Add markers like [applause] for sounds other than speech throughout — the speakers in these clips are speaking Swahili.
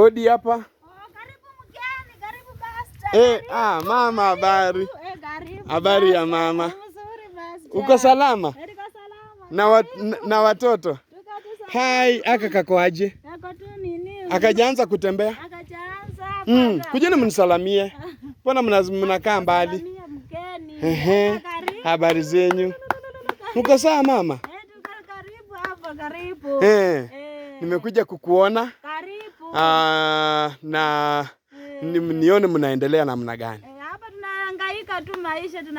Odi hapa. Oh, eh, ah, mama habari. Eh, habari ya mama. Uko salama? Na, wa, na, na watoto? Hai, aka kakoaje Akajaanza kutembea? Akajaanza. Mm, kujeni mnisalamie. Mbona mnakaa mbali? Ehe. Habari zenyu. Uko sawa mama? Eh, karibu hapo, karibu. Eh, eh. Nimekuja kukuona. Ah, na eh. nione mnaendelea namna gani? Eh, tu maisha, tu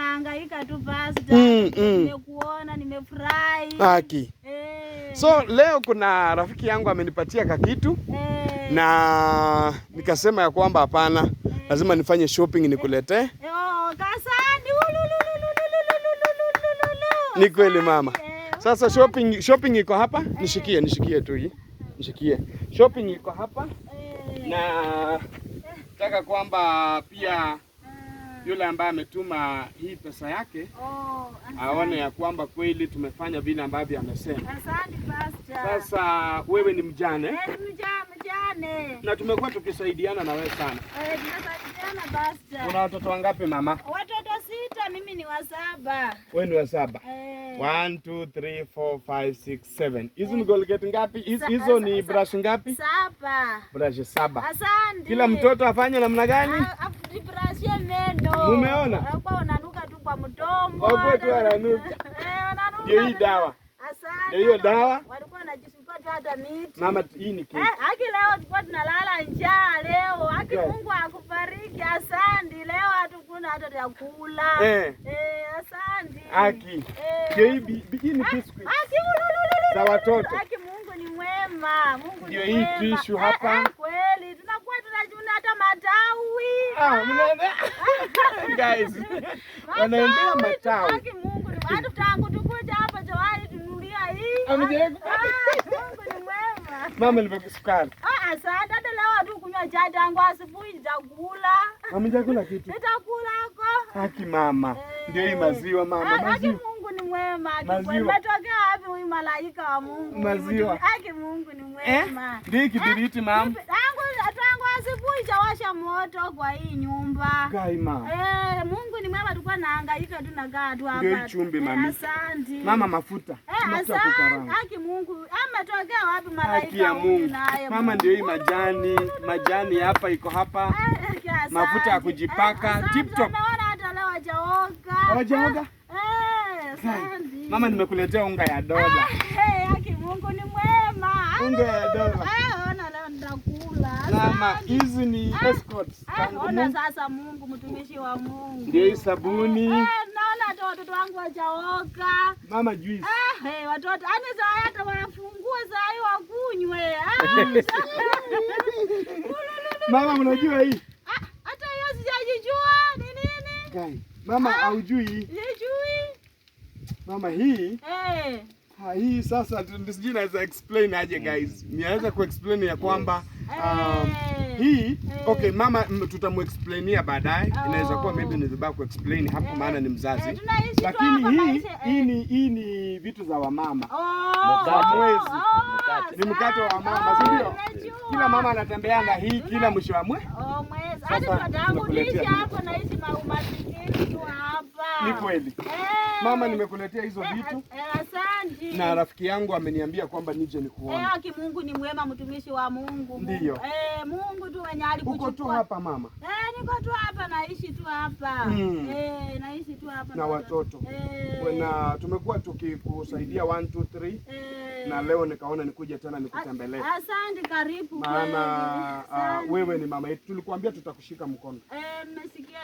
Mm, mm. Nimekuona, nimefurahi. Hey. Eh. So leo kuna rafiki yangu amenipatia kakitu hey. Na nikasema ya kwamba hapana hey. Lazima nifanye shopping nikuletee hey. Oh, ni kweli mama. Sasa shopping, shopping iko hapa hey. Nishikie, nishikie tu hii Nishikie. Shopping iko hapa eh. na taka kwamba pia ah. yule ambaye ametuma hii pesa yake oh, aone ya kwamba kweli tumefanya vile ambavyo amesema. Sasa wewe ni mjane, eh, mjane, na tumekuwa tukisaidiana na wewe sana kuna eh, Una watoto wangapi mama? Watoto mimi ni wa saba. Wewe ni wa saba. Eh. Hizo ni Colgate ngapi? Hizo ni brush ngapi? Saba. Brush saba. Asante. Kila mtoto afanye namna gani? Ajibrashie ah, ah, meno. Umeona? Anakuwa unanuka tu kwa mdomo. Hapo tu ananuka. Eh, ananuka. Hiyo dawa. Asante. Hiyo dawa hata miti. Mama hii ni kitu. Eh, haki leo tulikuwa tunalala njaa leo. Haki yeah. Mungu akubariki Asante. leo hatukuna hata ya kula. Eh, eh asante. Haki. Eh. Hii ni kesi. Ah, haki za watoto. Haki Mungu ni mwema. Mungu ni mwema. Ndio Hii issue hapa. Eh, eh, kweli tunakuwa tunajuna hata matawi. Ah, mnaona? Ah. [laughs] Guys. Wanaendea matawi. Haki Mungu. Hata tangu tukuja hapa Johari tunulia hii. Amejaribu. Ah. Mama nimekupa sukari. Ah, ah, saa dada leo tu kunywa chai tangu asubuhi nitakula. Mama nitakula kitu. Nitakula huko. Haki mama. Eh. Ndio hii maziwa mama. Haki ah, Mungu ni mwema. Umetokea wapi huyu malaika wa Mungu? Maziwa. Haki Mungu ni mwema. Eh? Ndio kibiriti eh, mama. Tangu tangu asubuhi chawasha moto kwa hii nyumba. Gai mama. Eh, Mungu nahangaika tu nakaa tu hapa. Chumvi mami. Asante. Mama mafuta. Eh, asante. Haki Mungu. Ametokea wapi malaika? Haki ya Mungu. Mama ndio hii majani, majani hapa iko hapa. Eh, mafuta ya kujipaka. Eh, Tip top. Naona hata leo hajaoga. Hajaoga? Eh, eh, asante. Mama nimekuletea unga ya dola. Ah, eh, haki Mungu ni mwema. Unga ya dola mama, hizi ni ah, escorts. Ah, ona sasa, Mungu mtumishi wa Mungu. Ndio hii sabuni. Eh, naona hata watoto wangu wachaoka. Mama juice. Ah, eh, hey, watoto ana yaani saa hata wafungue saa hiyo wakunywe. [laughs] [laughs] Mama unajua hii? Hata hiyo sijajijua ni nini? Gai. Mama haujui. Sijui. Mama hii. Eh. Hey. Ha, ah, hii sasa sijui naweza explain aje guys. Niweza explain ya kwamba um, hii okay, mama tutamuexplainia baadaye. Oh. Inaweza kuwa maybe ni vibaya explain hapo, maana ni mzazi, eh, lakini hii eh. hii ni vitu za wamama, oh, oh, mwezi ni mkate wa mama, ah, si ndio? Kila mama anatembea na hii kila mwisho wa mwezi. Ni kweli mama, nimekuletea hizo vitu asante. Na rafiki yangu ameniambia kwamba nije nikuone. Eh, Mungu ni mwema mtumishi wa Mungu. Ndio. Eh, Mungu tu mwenye alikuchukua. Uko tu hapa mama? Eh, niko tu hapa naishi tu hapa. Mm. Eh, naishi tu hapa na, watoto. Eh. Na tumekuwa tukikusaidia 1 2 3. Eh na leo nikaona nikuje tena nikutembelee. Asante, karibu. Maana uh, wewe ni mama yetu, tulikuambia tutakushika mkono eh,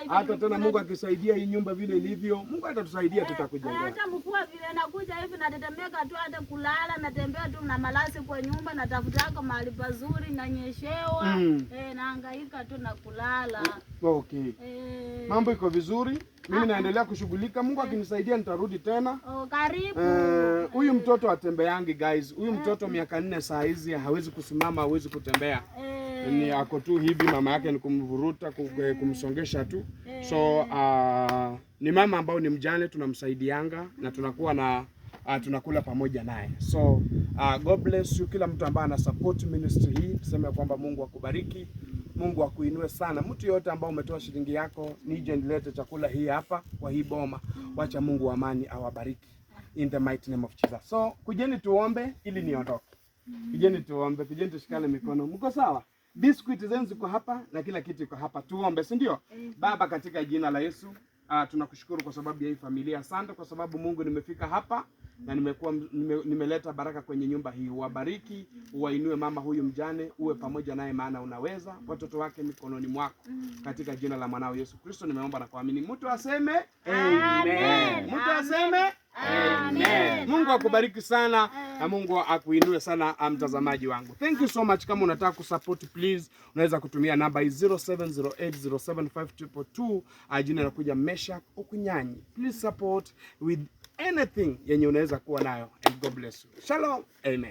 hata tena. Mungu akisaidia hii nyumba vile ilivyo, Mungu atatusaidia, eh, tutakujenga. Eh, hata mkuu vile nakuja hivi natetemeka tu, hata kulala natembea tu na malazi kwa nyumba, natafutaka mahali pazuri, nanyeshewa mm. eh, naangaika tu na kulala mm. Okay. Mm. mambo iko vizuri. Mimi ah. naendelea kushughulika. Mungu eh. akinisaidia nitarudi tena. Oh, karibu. Eh, huyu e, mtoto atembeangi guys. Huyu mtoto miaka nne saa hizi hawezi kusimama, hawezi kutembea. Mm. ni ako tu hivi, mama yake ni kumvuruta, kumsongesha tu. Mm. so uh, ni mama ambao ni mjane tunamsaidianga na tunakuwa na uh, tunakula pamoja naye. So uh, God bless you kila mtu ambaye ana support ministry hii, tuseme kwamba Mungu akubariki, Mungu akuinue sana. Mtu yote ambaye umetoa shilingi yako, nije nilete chakula hii hapa kwa hii boma, wacha Mungu wa amani awabariki in the mighty name of Jesus. So kujeni tuombe ili niondoke. Kujeni tuombe, kujeni tushikane mikono. Mko sawa? Biscuit zenu ziko hapa na kila kitu iko hapa. Tuombe, si ndio? Baba, katika jina la Yesu, uh, tunakushukuru kwa sababu ya hii familia. Asante kwa sababu Mungu nimefika hapa na nimekuwa nime, nimeleta baraka kwenye nyumba hii. Uwabariki, uwainue mama huyu mjane, uwe pamoja naye, maana unaweza. Watoto wake mikononi mwako, mm. katika jina la mwanao Yesu Kristo nimeomba na kuamini. Mtu aseme amen, mtu aseme amen. Mungu akubariki sana na Mungu akuinue sana ah, mtazamaji wangu. Thank you so much. Kama unataka kusupport please, unaweza kutumia namba 0708075242 ajina ah, la kuja Meshack Okunyanyi. Please support with anything yenye unaweza kuwa nayo. And God bless you. Shalom. Amen.